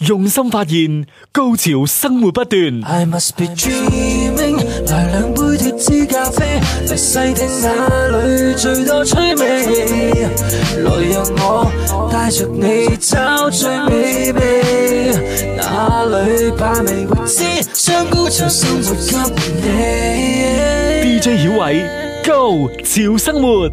用心發現高潮生活不斷。DJ 小偉，Go 潮生活。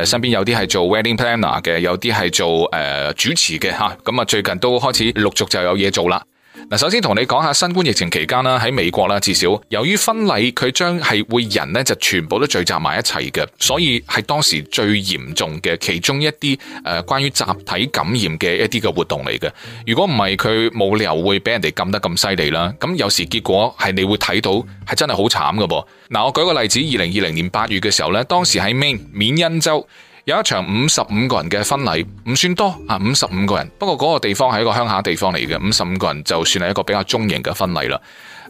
誒身邊有啲係做 wedding planner 嘅，有啲係做誒、呃、主持嘅吓，咁啊最近都開始陸續就有嘢做啦。嗱，首先同你講下新冠疫情期間啦，喺美國啦，至少由於婚禮佢將係會人呢就全部都聚集埋一齊嘅，所以係當時最嚴重嘅其中一啲誒，關於集體感染嘅一啲嘅活動嚟嘅。如果唔係佢冇理由會俾人哋撳得咁犀利啦。咁有時結果係你會睇到係真係好慘㗎噃。嗱，我舉個例子，二零二零年八月嘅時候呢，當時喺緬因州。有一場五十五個人嘅婚禮，唔算多啊，五十五個人。不過嗰個地方係一個鄉下地方嚟嘅，五十五個人就算係一個比較中型嘅婚禮啦。誒、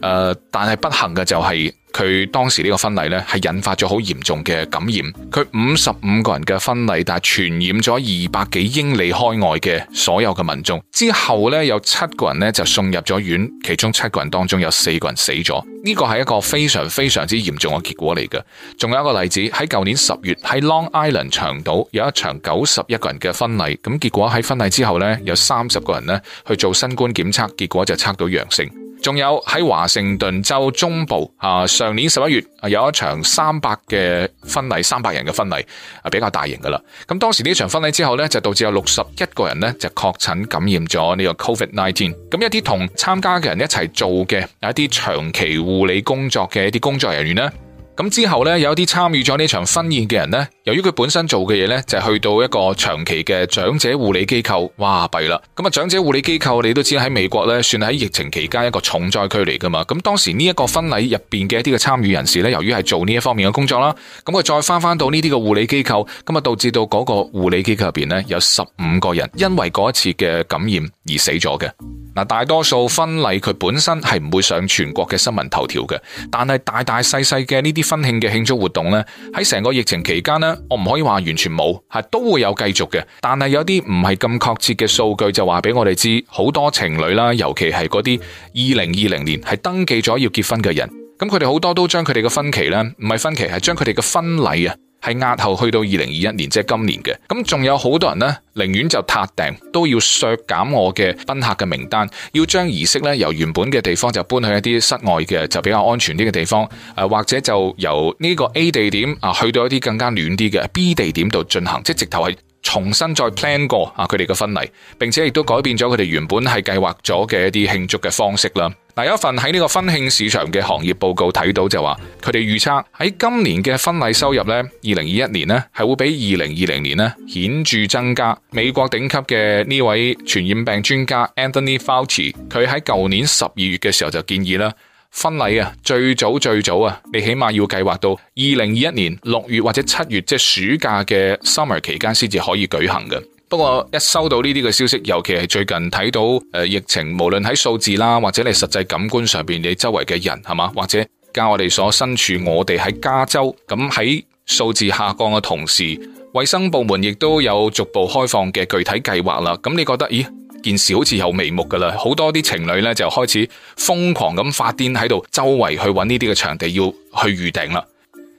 呃，但係不幸嘅就係、是。佢當時呢個婚禮呢，係引發咗好嚴重嘅感染。佢五十五個人嘅婚禮，但係傳染咗二百幾英里開外嘅所有嘅民眾。之後呢，有七個人呢就送入咗院，其中七個人當中有四個人死咗。呢個係一個非常非常之嚴重嘅結果嚟嘅。仲有一個例子喺舊年十月喺 Long Island 長島有一場九十一個人嘅婚禮，咁結果喺婚禮之後呢，有三十個人呢去做新冠檢測，結果就測到陽性。仲有喺華盛頓州中部啊，上年十一月有一場三百嘅婚禮，三百人嘅婚禮啊，比較大型噶啦。咁當時呢場婚禮之後呢，就導致有六十一個人呢就確診感染咗呢個 Covid nineteen。咁一啲同參加嘅人一齊做嘅，有一啲長期護理工作嘅一啲工作人員呢，咁之後呢，有一啲參與咗呢場婚宴嘅人呢。由於佢本身做嘅嘢呢，就係去到一個長期嘅長者護理機構，哇，弊啦！咁啊，長者護理機構你都知喺美國咧，算喺疫情期間一個重災區嚟噶嘛。咁當時呢一個婚禮入邊嘅一啲嘅參與人士呢，由於係做呢一方面嘅工作啦，咁佢再翻翻到呢啲嘅護理機構，咁啊，導致到嗰個護理機構入邊呢，有十五個人因為嗰一次嘅感染而死咗嘅。嗱，大多數婚禮佢本身係唔會上全國嘅新聞頭條嘅，但係大大細細嘅呢啲婚慶嘅慶祝活動呢，喺成個疫情期間咧。我唔可以話完全冇，係都會有繼續嘅，但係有啲唔係咁確切嘅數據就話俾我哋知，好多情侶啦，尤其係嗰啲二零二零年係登記咗要結婚嘅人，咁佢哋好多都將佢哋嘅婚期呢，唔係婚期，係將佢哋嘅婚禮啊。係押後去到二零二一年，即係今年嘅。咁仲有好多人咧，寧願就撻訂，都要削減我嘅賓客嘅名單，要將儀式咧，由原本嘅地方就搬去一啲室外嘅，就比較安全啲嘅地方。誒，或者就由呢個 A 地點啊，去到一啲更加暖啲嘅 B 地點度進行，即直頭係。重新再 plan 過啊！佢哋嘅婚禮，並且亦都改變咗佢哋原本係計劃咗嘅一啲慶祝嘅方式啦。嗱，有一份喺呢個婚慶市場嘅行業報告睇到就話，佢哋預測喺今年嘅婚禮收入呢，二零二一年呢係會比二零二零年呢顯著增加。美國頂級嘅呢位傳染病專家 Anthony Fauci，佢喺舊年十二月嘅時候就建議啦。婚禮啊，最早最早啊，你起碼要計劃到二零二一年六月或者七月，即係暑假嘅 summer 期間先至可以舉行嘅。不過一收到呢啲嘅消息，尤其係最近睇到誒疫情，無論喺數字啦，或者你實際感官上面，你周圍嘅人係嘛，或者加我哋所身處，我哋喺加州咁喺數字下降嘅同時，衛生部門亦都有逐步開放嘅具體計劃啦。咁你覺得咦？件事好似有眉目噶啦，好多啲情侶咧就開始瘋狂咁發癲喺度周圍去揾呢啲嘅場地要去預訂啦。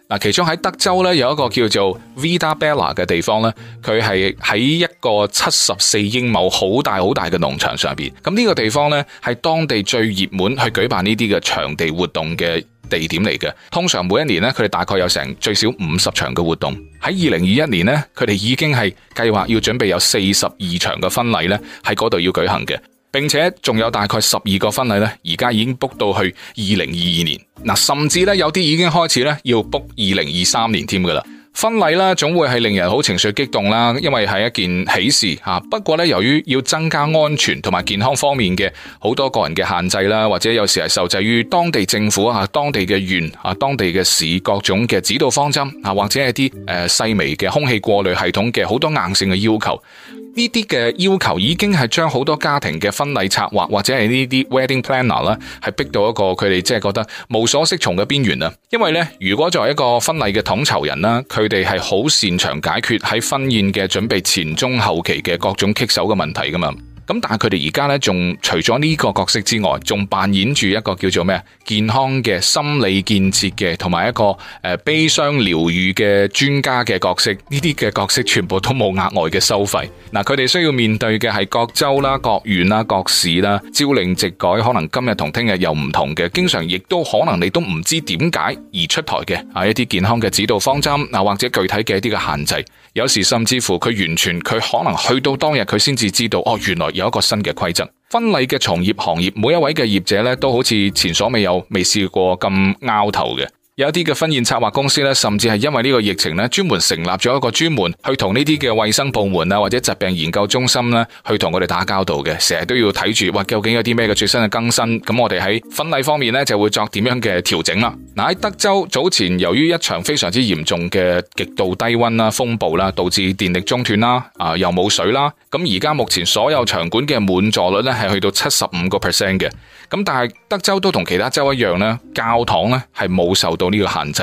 嗱，其中喺德州呢，有一個叫做 Vida Bella 嘅地方呢，佢係喺一個七十四英畝好大好大嘅農場上邊。咁、這、呢個地方呢，係當地最熱門去舉辦呢啲嘅場地活動嘅。地點嚟嘅，通常每一年咧，佢哋大概有成最少五十場嘅活動。喺二零二一年咧，佢哋已經係計劃要準備有四十二場嘅婚禮咧，喺嗰度要舉行嘅，並且仲有大概十二個婚禮咧，而家已經 book 到去二零二二年。嗱，甚至咧有啲已經開始咧要 book 二零二三年添㗎喇。婚禮啦，禮總會係令人好情緒激動啦，因為係一件喜事吓。不過咧，由於要增加安全同埋健康方面嘅好多個人嘅限制啦，或者有時係受制於當地政府啊、當地嘅縣啊、當地嘅市各種嘅指導方針啊，或者一啲誒細微嘅空氣過濾系統嘅好多硬性嘅要求。呢啲嘅要求已經係將好多家庭嘅婚禮策劃或者係呢啲 wedding planner 咧，係逼到一個佢哋即係覺得無所適從嘅邊緣啊！因為咧，如果作為一個婚禮嘅統籌人啦，佢哋係好擅長解決喺婚宴嘅準備前中後期嘅各種棘手嘅問題㗎嘛。咁但係佢哋而家咧，仲除咗呢個角色之外，仲扮演住一個叫做咩啊？健康嘅心理建設嘅，同埋一個誒、呃、悲傷療愈嘅專家嘅角色。呢啲嘅角色全部都冇額外嘅收費。嗱、啊，佢哋需要面對嘅係各州啦、各縣啦、各市啦，朝令夕改，可能今日同聽日又唔同嘅。經常亦都可能你都唔知點解而出台嘅啊！一啲健康嘅指導方針，嗱、啊、或者具體嘅一啲嘅限制，有時甚至乎佢完全佢可能去到當日佢先至知道哦，原來。有一個新嘅規則，婚禮嘅從業行業，每一位嘅業者咧，都好似前所未有未試過咁拗頭嘅。有一啲嘅婚宴策劃公司咧，甚至係因為呢個疫情咧，專門成立咗一個專門去同呢啲嘅衛生部門啊，或者疾病研究中心咧，去同佢哋打交道嘅，成日都要睇住，哇，究竟有啲咩嘅最新嘅更新？咁我哋喺婚禮方面咧，就會作點樣嘅調整啦。嗱，喺德州早前由於一場非常之嚴重嘅極度低溫啦、風暴啦，導致電力中斷啦，啊，又冇水啦，咁而家目前所有場館嘅滿座率咧係去到七十五個 percent 嘅。咁但係德州都同其他州一樣咧，教堂咧係冇受到呢個限制。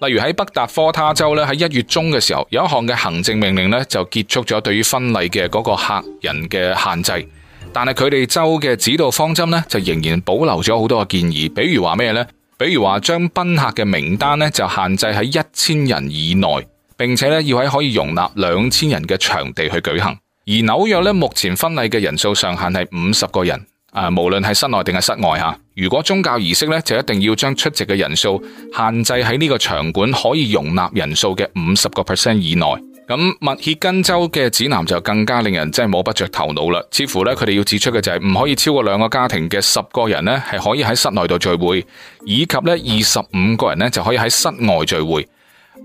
例如喺北達科他州咧，喺一月中嘅時候，有一項嘅行政命令咧就結束咗對於婚禮嘅嗰個客人嘅限制。但係佢哋州嘅指導方針咧就仍然保留咗好多嘅建議，比如話咩咧？比如話將賓客嘅名單咧就限制喺一千人以內，並且咧要喺可以容納兩千人嘅場地去舉行。而紐約咧目前婚禮嘅人數上限係五十個人。誒，無論係室內定係室外吓，如果宗教儀式咧，就一定要將出席嘅人數限制喺呢個場館可以容納人數嘅五十個 percent 以內。咁密歇根州嘅指南就更加令人真係摸不着頭腦啦。似乎咧，佢哋要指出嘅就係唔可以超過兩個家庭嘅十個人咧，係可以喺室內度聚會，以及咧二十五個人咧就可以喺室外聚會。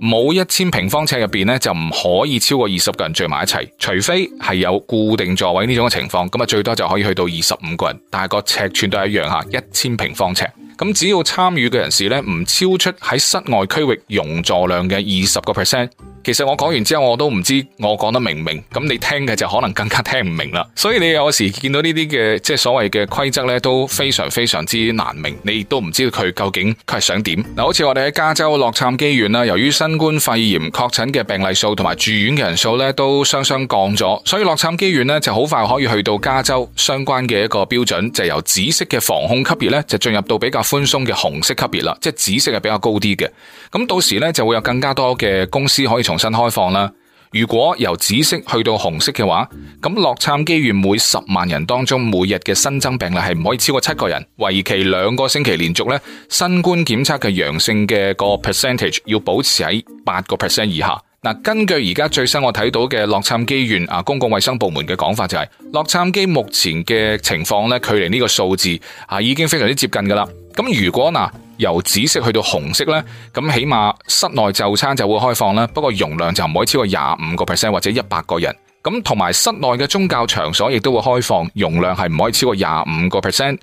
冇一千平方尺入邊咧，就唔可以超過二十個人聚埋一齊，除非係有固定座位呢種嘅情況，咁啊最多就可以去到二十五個人，但係個尺寸都係一樣吓，一千平方尺，咁只要參與嘅人士咧唔超出喺室外區域容座量嘅二十個 percent。其實我講完之後，我都唔知我講得明唔明，咁你聽嘅就可能更加聽唔明啦。所以你有時見到呢啲嘅即係所謂嘅規則呢都非常非常之難明，你亦都唔知道佢究竟佢係想點。嗱，好似我哋喺加州洛杉磯縣啦，由於新冠肺炎確診嘅病例數同埋住院嘅人數呢都雙雙降咗，所以洛杉磯縣呢就好快可以去到加州相關嘅一個標準，就由紫色嘅防控級別呢就進入到比較寬鬆嘅紅色級別啦，即係紫色係比較高啲嘅。咁到時咧就會有更加多嘅公司可以重新開放啦。如果由紫色去到紅色嘅話，咁洛杉磯縣每十萬人當中每日嘅新增病例係唔可以超過七個人，為期兩個星期連續咧，新冠檢測嘅陽性嘅個 percentage 要保持喺八個 percent 以下。嗱，根據而家最新我睇到嘅洛杉磯縣啊公共衛生部門嘅講法就係洛杉磯目前嘅情況咧，距離呢個數字啊已經非常之接近噶啦。咁如果嗱。由紫色去到紅色呢，咁起碼室內就餐就會開放啦，不過容量就唔可以超過廿五個 percent 或者一百個人。咁同埋室內嘅宗教場所亦都會開放，容量係唔可以超過廿五個 percent，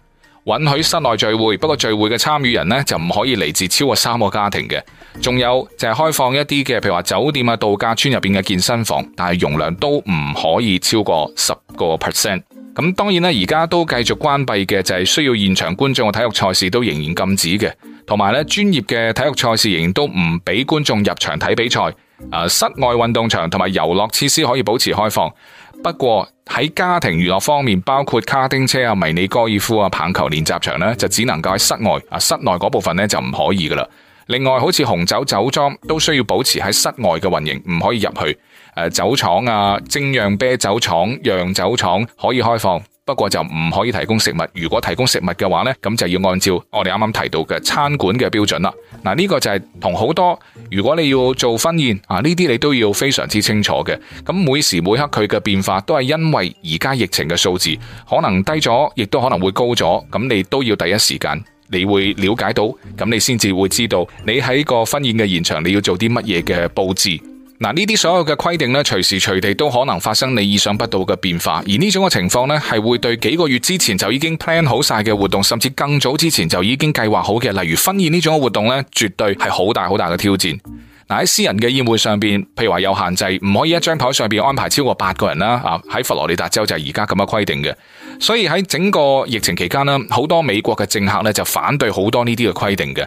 允許室內聚會，不過聚會嘅參與人呢，就唔可以嚟自超過三個家庭嘅。仲有就係開放一啲嘅，譬如話酒店啊、度假村入邊嘅健身房，但係容量都唔可以超過十個 percent。咁當然啦，而家都繼續關閉嘅就係需要現場觀眾嘅體育賽事都仍然禁止嘅，同埋咧專業嘅體育賽事仍然都唔俾觀眾入場睇比賽。誒，室外運動場同埋遊樂設施可以保持開放，不過喺家庭娛樂方面，包括卡丁車啊、迷你高爾夫啊、棒球練習場咧，就只能夠喺室外。啊，室內嗰部分咧就唔可以噶啦。另外，好似紅酒酒莊都需要保持喺室外嘅運營，唔可以入去。誒，酒廠啊，精釀啤酒廠、釀酒廠可以開放，不過就唔可以提供食物。如果提供食物嘅話呢，咁就要按照我哋啱啱提到嘅餐館嘅標準啦。嗱，呢個就係同好多如果你要做婚宴啊，呢啲你都要非常之清楚嘅。咁每時每刻佢嘅變化都係因為而家疫情嘅數字可能低咗，亦都可能會高咗。咁你都要第一時間你會了解到，咁你先至會知道你喺個婚宴嘅現場你要做啲乜嘢嘅布置。嗱，呢啲所有嘅規定咧，隨時隨地都可能發生你意想不到嘅變化，而呢種嘅情況咧，係會對幾個月之前就已經 plan 好晒嘅活動，甚至更早之前就已經計劃好嘅，例如婚宴呢種嘅活動咧，絕對係好大好大嘅挑戰。喺私人嘅宴會上邊，譬如話有限制，唔可以一張台上邊安排超過八個人啦。啊，喺佛羅里達州就係而家咁嘅規定嘅。所以喺整個疫情期間啦，好多美國嘅政客咧就反對好多呢啲嘅規定嘅。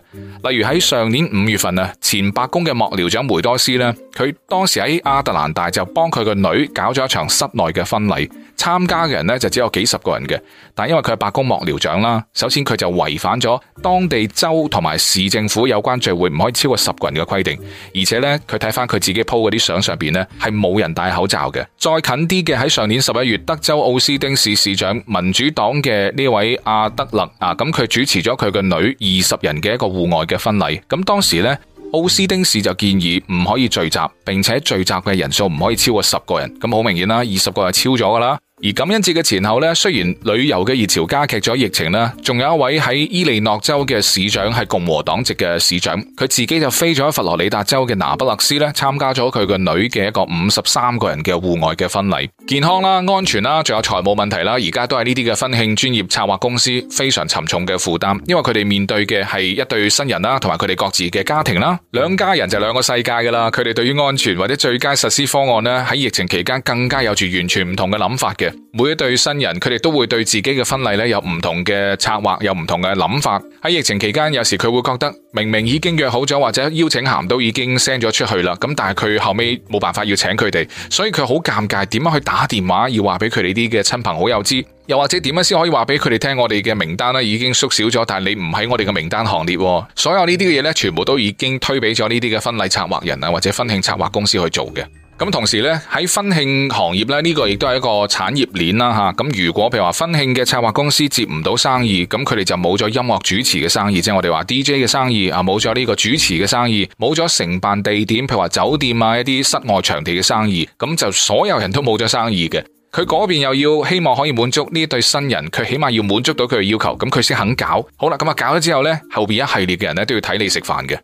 例如喺上年五月份啊，前白宮嘅幕僚長梅多斯呢，佢當時喺亞特蘭大就幫佢個女搞咗一場室內嘅婚禮。參加嘅人呢，就只有幾十個人嘅，但因為佢係白宮幕僚長啦，首先佢就違反咗當地州同埋市政府有關聚會唔可以超過十個人嘅規定，而且呢，佢睇翻佢自己 po 嗰啲相上邊呢，係冇人戴口罩嘅。再近啲嘅喺上年十一月，德州奧斯汀市市長民主黨嘅呢位阿德勒啊，咁佢主持咗佢個女二十人嘅一個戶外嘅婚禮。咁當時呢，奧斯汀市就建議唔可以聚集，並且聚集嘅人數唔可以超過十個人。咁好明顯啦，二十個係超咗噶啦。而感恩節嘅前後咧，雖然旅遊嘅熱潮加劇咗疫情啦，仲有一位喺伊利諾州嘅市長係共和黨籍嘅市長，佢自己就飛咗喺佛羅里達州嘅拿不勒斯咧，參加咗佢個女嘅一個五十三個人嘅戶外嘅婚禮。健康啦，安全啦，仲有財務問題啦，而家都係呢啲嘅婚慶專業策劃公司非常沉重嘅負擔，因為佢哋面對嘅係一對新人啦，同埋佢哋各自嘅家庭啦，兩家人就兩個世界噶啦，佢哋對於安全或者最佳實施方案咧，喺疫情期間更加有住完全唔同嘅諗法嘅，每一對新人佢哋都會對自己嘅婚禮咧有唔同嘅策劃，有唔同嘅諗法，喺疫情期間有時佢會覺得。明明已經約好咗，或者邀請函都已經 send 咗出去啦。咁但係佢後尾冇辦法要請佢哋，所以佢好尷尬，點樣去打電話要話俾佢哋啲嘅親朋好友知？又或者點樣先可以話俾佢哋聽，我哋嘅名單咧已經縮小咗，但係你唔喺我哋嘅名單行列。所有呢啲嘅嘢咧，全部都已經推俾咗呢啲嘅婚禮策劃人啊，或者婚慶策劃公司去做嘅。咁同時咧，喺婚慶行業咧，呢、這個亦都係一個產業鏈啦，吓咁。如果譬如話婚慶嘅策劃公司接唔到生意，咁佢哋就冇咗音樂主持嘅生意，即係我哋話 D J 嘅生意啊，冇咗呢個主持嘅生意，冇咗承辦地點，譬如話酒店啊一啲室外場地嘅生意，咁就所有人都冇咗生意嘅。佢嗰邊又要希望可以滿足呢一對新人，佢起碼要滿足到佢嘅要求，咁佢先肯搞。好啦，咁啊搞咗之後咧，後邊一系列嘅人咧都要睇你食飯嘅。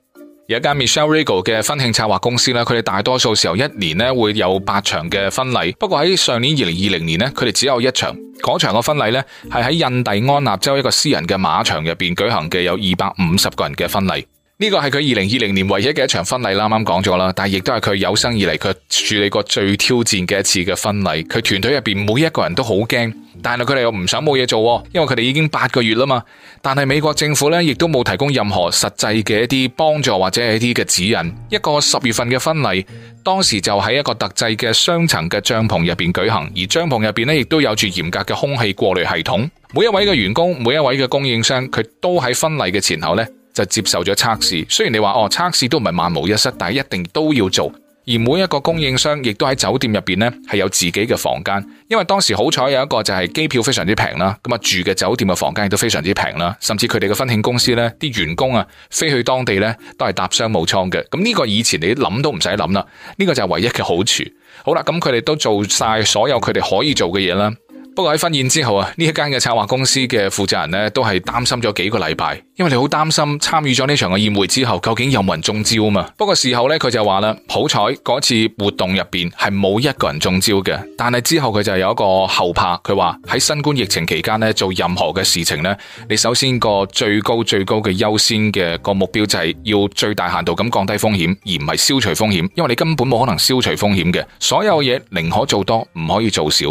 有一間 Michelle Rigo 嘅婚慶策劃公司啦，佢哋大多數時候一年咧會有八場嘅婚禮，不過喺上年二零二零年咧，佢哋只有一場，嗰場嘅婚禮咧係喺印第安納州一個私人嘅馬場入邊舉行嘅，有二百五十個人嘅婚禮。呢個係佢二零二零年唯一嘅一場婚禮，啱啱講咗啦，但係亦都係佢有生以嚟佢處理過最挑戰嘅一次嘅婚禮。佢團隊入邊每一個人都好驚，但係佢哋又唔想冇嘢做，因為佢哋已經八個月啦嘛。但係美國政府呢，亦都冇提供任何實際嘅一啲幫助或者一啲嘅指引。一個十月份嘅婚禮，當時就喺一個特製嘅雙層嘅帳篷入邊舉行，而帳篷入邊呢，亦都有住嚴格嘅空氣過濾系統。每一位嘅員工，每一位嘅供應商，佢都喺婚禮嘅前後呢。就接受咗測試，雖然你話哦測試都唔係萬無一失，但係一定都要做。而每一個供應商亦都喺酒店入邊呢係有自己嘅房間，因為當時好彩有一個就係機票非常之平啦，咁啊住嘅酒店嘅房間亦都非常之平啦，甚至佢哋嘅婚慶公司呢啲員工啊飛去當地呢都係搭商務艙嘅，咁呢個以前你諗都唔使諗啦，呢個就係唯一嘅好處。好啦，咁佢哋都做晒所有佢哋可以做嘅嘢啦。不過喺婚宴之後啊，呢一間嘅策劃公司嘅負責人咧，都係擔心咗幾個禮拜，因為你好擔心參與咗呢場嘅宴會之後，究竟有冇人中招嘛？不過事後呢，佢就話啦，好彩嗰次活動入面係冇一個人中招嘅，但係之後佢就有一個後怕，佢話喺新冠疫情期間咧，做任何嘅事情呢，你首先個最高最高嘅優先嘅個目標就係要最大限度咁降低風險，而唔係消除風險，因為你根本冇可能消除風險嘅，所有嘢寧可做多，唔可以做少。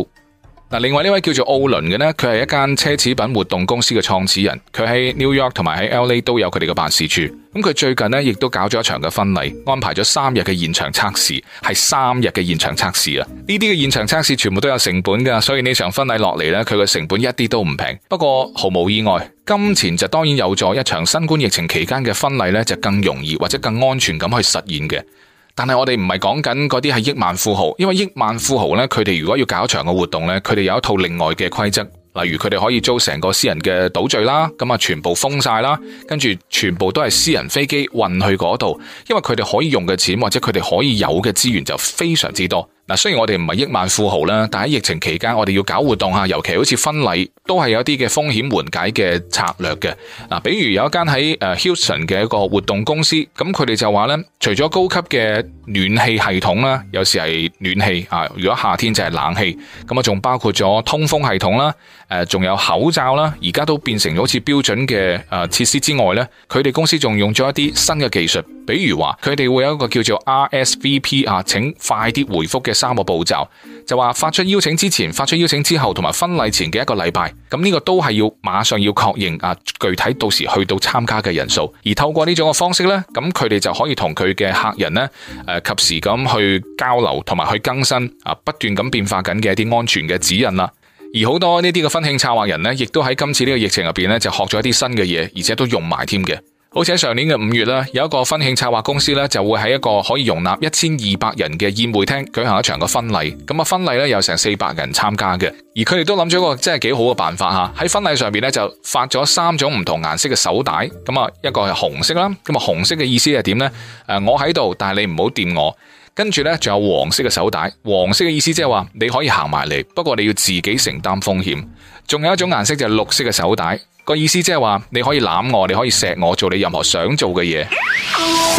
另外呢位叫做奧倫嘅呢，佢係一間奢侈品活動公司嘅創始人，佢喺 New York 同埋喺 LA 都有佢哋嘅辦事處。咁佢最近呢亦都搞咗一場嘅婚禮，安排咗三日嘅現場測試，係三日嘅現場測試啊！呢啲嘅現場測試全部都有成本噶，所以呢場婚禮落嚟呢，佢嘅成本一啲都唔平。不過毫無意外，金錢就當然有助一場新冠疫情期間嘅婚禮呢，就更容易或者更安全咁去實現嘅。但係我哋唔係講緊嗰啲係億萬富豪，因為億萬富豪呢，佢哋如果要搞場嘅活動呢，佢哋有一套另外嘅規則，例如佢哋可以租成個私人嘅島嶼啦，咁啊全部封晒啦，跟住全部都係私人飛機運去嗰度，因為佢哋可以用嘅錢或者佢哋可以有嘅資源就非常之多。嗱，雖然我哋唔係億萬富豪啦，但喺疫情期間，我哋要搞活動吓，尤其好似婚禮，都係有一啲嘅風險緩解嘅策略嘅。嗱，比如有一間喺誒 Hilton 嘅一個活動公司，咁佢哋就話咧，除咗高級嘅暖氣系統啦，有時係暖氣啊，如果夏天就係冷氣，咁啊，仲包括咗通風系統啦，誒，仲有口罩啦，而家都變成好似標準嘅誒設施之外咧，佢哋公司仲用咗一啲新嘅技術。比如話，佢哋會有一個叫做 RSVP 啊，請快啲回覆嘅三個步驟，就話發出邀請之前、發出邀請之後同埋婚禮前嘅一個禮拜，咁呢個都係要馬上要確認啊，具體到時去到參加嘅人數，而透過呢種嘅方式呢，咁佢哋就可以同佢嘅客人呢，誒、啊、及時咁去交流，同埋去更新啊，不斷咁變化緊嘅一啲安全嘅指引啦、啊。而好多呢啲嘅婚慶策劃人呢，亦都喺今次呢個疫情入邊呢，就學咗一啲新嘅嘢，而且都用埋添嘅。好似喺上年嘅五月啦，有一個婚慶策劃公司咧，就會喺一個可以容納一千二百人嘅宴會廳舉行一場嘅婚禮。咁啊，婚禮咧，有成四百人參加嘅，而佢哋都諗咗一個真係幾好嘅辦法吓，喺婚禮上邊咧，就發咗三種唔同顏色嘅手帶。咁啊，一個係紅色啦，咁啊，紅色嘅意思係點咧？誒，我喺度，但係你唔好掂我。跟住呢，仲有黃色嘅手帶，黃色嘅意思即係話你可以行埋嚟，不過你要自己承擔風險。仲有一種顏色就係綠色嘅手帶，個意思即係話你可以攬我，你可以錫我，做你任何想做嘅嘢。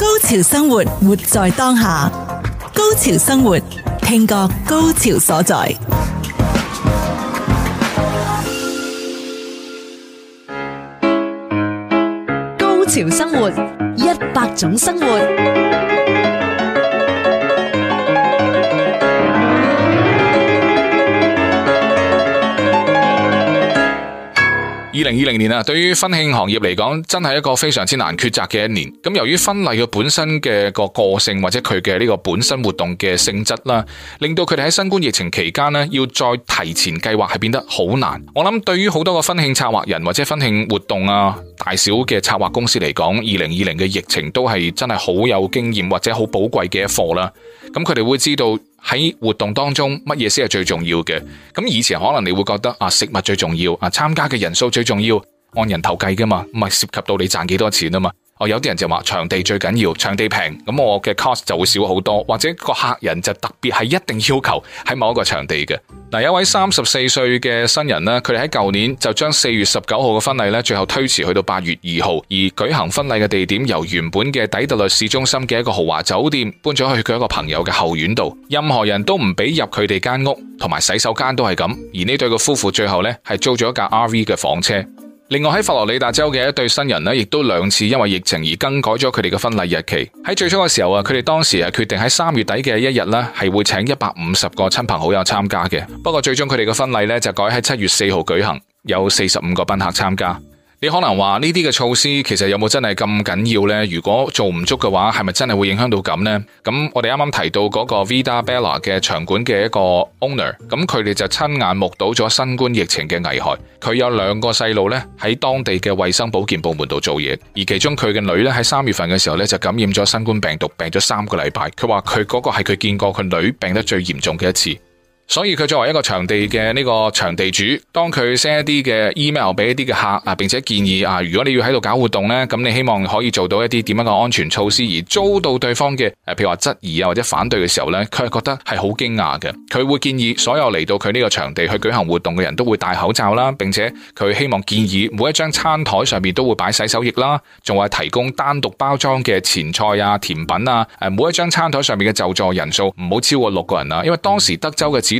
高潮生活，活在當下。高潮生活，聽過高潮所在。高潮生活，一百種生活。二零二零年啊，對於婚慶行業嚟講，真係一個非常之難抉擇嘅一年。咁由於婚禮嘅本身嘅個個性或者佢嘅呢個本身活動嘅性質啦，令到佢哋喺新冠疫情期間呢，要再提前計劃係變得好難。我諗對於好多個婚慶策劃人或者婚慶活動啊，大小嘅策劃公司嚟講，二零二零嘅疫情都係真係好有經驗或者好寶貴嘅一課啦。咁佢哋會知道。喺活動當中，乜嘢先係最重要嘅？咁以前可能你會覺得啊，食物最重要，啊，參加嘅人數最重要，按人頭計噶嘛，唔係涉及到你賺幾多錢啊嘛。哦，有啲人就話場地最緊要，場地平，咁我嘅 cost 就會少好多，或者個客人就特別係一定要求喺某一個場地嘅。嗱、嗯，有位三十四歲嘅新人呢，佢哋喺舊年就將四月十九號嘅婚禮咧，最後推遲去到八月二號，而舉行婚禮嘅地點由原本嘅底特律市中心嘅一個豪華酒店搬咗去佢一個朋友嘅後院度，任何人都唔俾入佢哋間屋，同埋洗手間都係咁。而呢對嘅夫婦最後咧係租咗一架 RV 嘅房車。另外喺佛羅里達州嘅一對新人呢，亦都兩次因為疫情而更改咗佢哋嘅婚禮日期。喺最初嘅時候啊，佢哋當時係決定喺三月底嘅一日呢，係會請一百五十個親朋好友參加嘅。不過最終佢哋嘅婚禮呢，就改喺七月四號舉行，有四十五個賓客參加。你可能話呢啲嘅措施其實有冇真係咁緊要呢？如果做唔足嘅話，係咪真係會影響到咁呢？咁我哋啱啱提到嗰個 Vida Bella 嘅場館嘅一個 owner，咁佢哋就親眼目睹咗新冠疫情嘅危害。佢有兩個細路呢，喺當地嘅衛生保健部門度做嘢，而其中佢嘅女咧，喺三月份嘅時候咧就感染咗新冠病毒，病咗三個禮拜。佢話佢嗰個係佢見過佢女病得最嚴重嘅一次。所以佢作為一個場地嘅呢個場地主，當佢 send 一啲嘅 email 俾一啲嘅客啊，並且建議啊，如果你要喺度搞活動呢，咁你希望可以做到一啲點樣嘅安全措施，而遭到對方嘅譬如話質疑啊或者反對嘅時候呢，佢係覺得係好驚訝嘅。佢會建議所有嚟到佢呢個場地去舉行活動嘅人都會戴口罩啦，並且佢希望建議每一張餐台上面都會擺洗手液啦，仲話提供單獨包裝嘅前菜啊、甜品啊，每一張餐台上面嘅就座人數唔好超過六個人啊，因為當時德州嘅指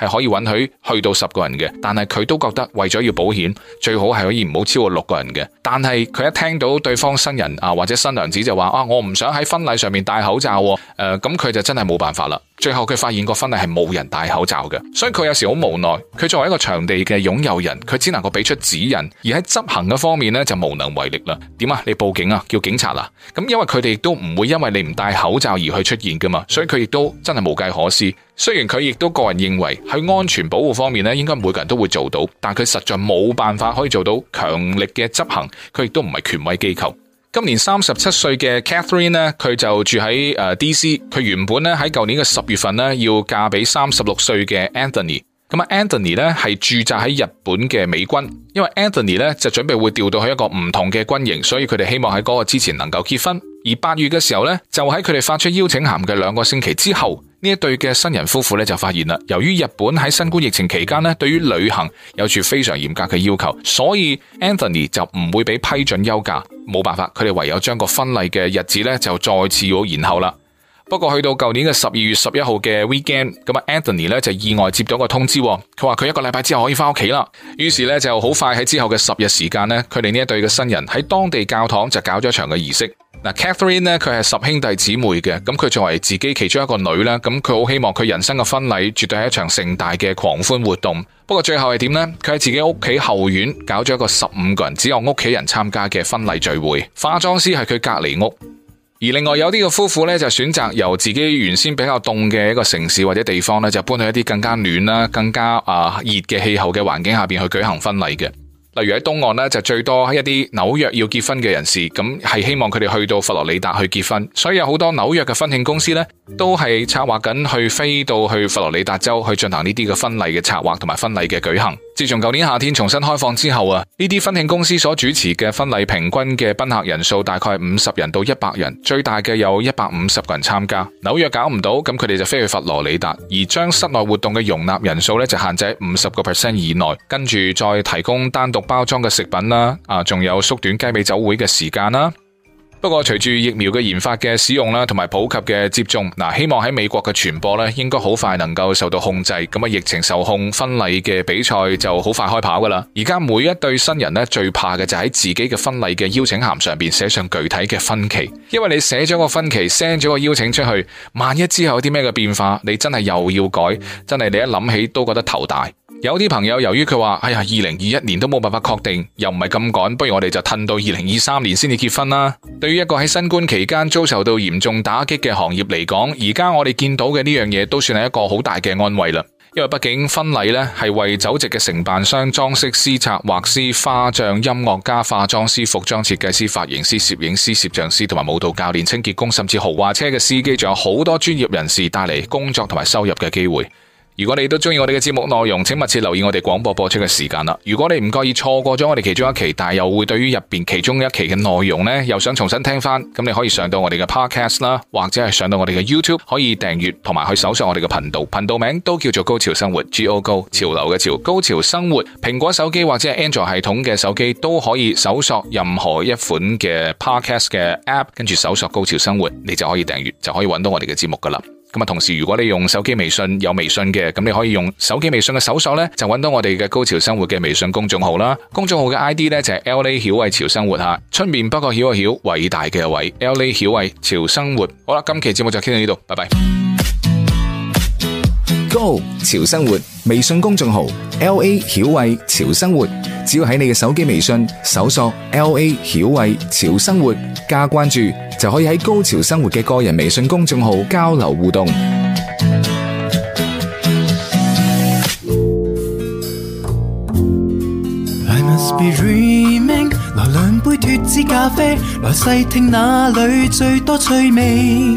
係可以允許去到十個人嘅，但係佢都覺得為咗要保險，最好係可以唔好超過六個人嘅。但係佢一聽到對方新人啊或者新娘子就話啊，我唔想喺婚禮上面戴口罩喎、啊，誒咁佢就真係冇辦法啦。最後佢發現個婚禮係冇人戴口罩嘅，所以佢有時好無奈。佢作為一個場地嘅擁有人，佢只能夠俾出指引，而喺執行嘅方面呢，就無能為力啦。點啊？你報警啊？叫警察啦。咁、嗯、因為佢哋都唔會因為你唔戴口罩而去出現噶嘛，所以佢亦都真係無計可施。雖然佢亦都個人認為。喺安全保護方面咧，應該每個人都會做到，但佢實在冇辦法可以做到強力嘅執行，佢亦都唔係權威機構。今年三十七歲嘅 Catherine 咧，佢就住喺誒 DC，佢原本咧喺舊年嘅十月份咧要嫁俾三十六歲嘅 Anthony，咁啊 Anthony 咧係駐紮喺日本嘅美軍，因為 Anthony 咧就準備會調到去一個唔同嘅軍營，所以佢哋希望喺嗰個之前能夠結婚。而八月嘅時候咧，就喺佢哋發出邀請函嘅兩個星期之後。呢一對嘅新人夫婦咧就發現啦，由於日本喺新冠疫情期間呢，對於旅行有住非常嚴格嘅要求，所以 Anthony 就唔會俾批准休假，冇辦法，佢哋唯有將個婚禮嘅日子咧就再次要延後啦。不過去到舊年嘅十二月十一號嘅 weekend，咁啊 Anthony 咧就意外接到個通知，佢話佢一個禮拜之後可以返屋企啦。於是咧就好快喺之後嘅十日時間咧，佢哋呢一對嘅新人喺當地教堂就搞咗一場嘅儀式。嗱，Katherine 呢，佢係十兄弟姊妹嘅，咁佢作為自己其中一個女咧，咁佢好希望佢人生嘅婚禮絕對係一場盛大嘅狂歡活動。不過最後係點呢？佢喺自己屋企後院搞咗一個十五個人、只有屋企人參加嘅婚禮聚會。化妝師係佢隔籬屋，而另外有啲嘅夫婦呢，就選擇由自己原先比較凍嘅一個城市或者地方呢，就搬去一啲更加暖啦，更加啊、呃、熱嘅氣候嘅環境下邊去舉行婚禮嘅。例如喺東岸呢，就最多喺一啲紐約要結婚嘅人士，咁係希望佢哋去到佛羅里達去結婚，所以有好多紐約嘅婚慶公司呢，都係策劃緊去飛到去佛羅里達州去進行呢啲嘅婚禮嘅策劃同埋婚禮嘅舉行。自從舊年夏天重新開放之後啊，呢啲婚慶公司所主持嘅婚禮平均嘅賓客人數大概五十人到一百人，最大嘅有一百五十個人參加。紐約搞唔到，咁佢哋就飛去佛羅里達，而將室內活動嘅容納人數呢，就限制喺五十個 percent 以內，跟住再提供單獨包裝嘅食品啦，啊，仲有縮短雞尾酒會嘅時間啦。不過隨住疫苗嘅研發嘅使用啦，同埋普及嘅接種，嗱，希望喺美國嘅傳播咧，應該好快能夠受到控制，咁啊，疫情受控，婚禮嘅比賽就好快開跑噶啦。而家每一對新人咧，最怕嘅就係自己嘅婚禮嘅邀請函上邊寫上具體嘅婚期，因為你寫咗個婚期，send 咗個邀請出去，萬一之後有啲咩嘅變化，你真係又要改，真係你一諗起都覺得頭大。有啲朋友由於佢話，哎呀，二零二一年都冇辦法確定，又唔係咁趕，不如我哋就褪到二零二三年先至結婚啦。對於一個喺新冠期間遭受到嚴重打擊嘅行業嚟講，而家我哋見到嘅呢樣嘢都算係一個好大嘅安慰啦。因為畢竟婚禮呢係為酒席嘅承辦商、裝飾師、策劃師、花匠、音樂家、化妝師、服裝設計師、髮型師、攝影師、攝像師同埋舞蹈教練、清潔工，甚至豪華車嘅司機，仲有好多專業人士帶嚟工作同埋收入嘅機會。如果你都中意我哋嘅節目內容，請密切留意我哋廣播播出嘅時間啦。如果你唔覺意錯過咗我哋其中一期，但係又會對於入邊其中一期嘅內容呢，又想重新聽翻，咁你可以上到我哋嘅 Podcast 啦，或者係上到我哋嘅 YouTube，可以訂閱同埋去搜索我哋嘅頻道，頻道名都叫做高潮生活 G O G，潮流嘅潮，高潮生活。蘋果手機或者係 Android 系統嘅手機都可以搜索任何一款嘅 Podcast 嘅 App，跟住搜索高潮生活，你就可以訂閱，就可以揾到我哋嘅節目噶啦。咁啊，同時如果你用手機微信有微信嘅，咁你可以用手機微信嘅搜索呢，就揾到我哋嘅高潮生活嘅微信公眾號啦。公眾號嘅 ID 呢，就係 LA 曉慧潮生活吓，出面不過曉啊曉偉大嘅偉 LA 曉慧潮生活。好啦，今期節目就傾到呢度，拜拜。潮生活微信公眾號 LA 曉慧潮生活，只要喺你嘅手機微信搜索 LA 曉慧潮生活加關注，就可以喺高潮生活嘅個人微信公眾號交流互動。I must be dreaming，來兩杯脫脂咖啡，來細聽哪裏最多趣味。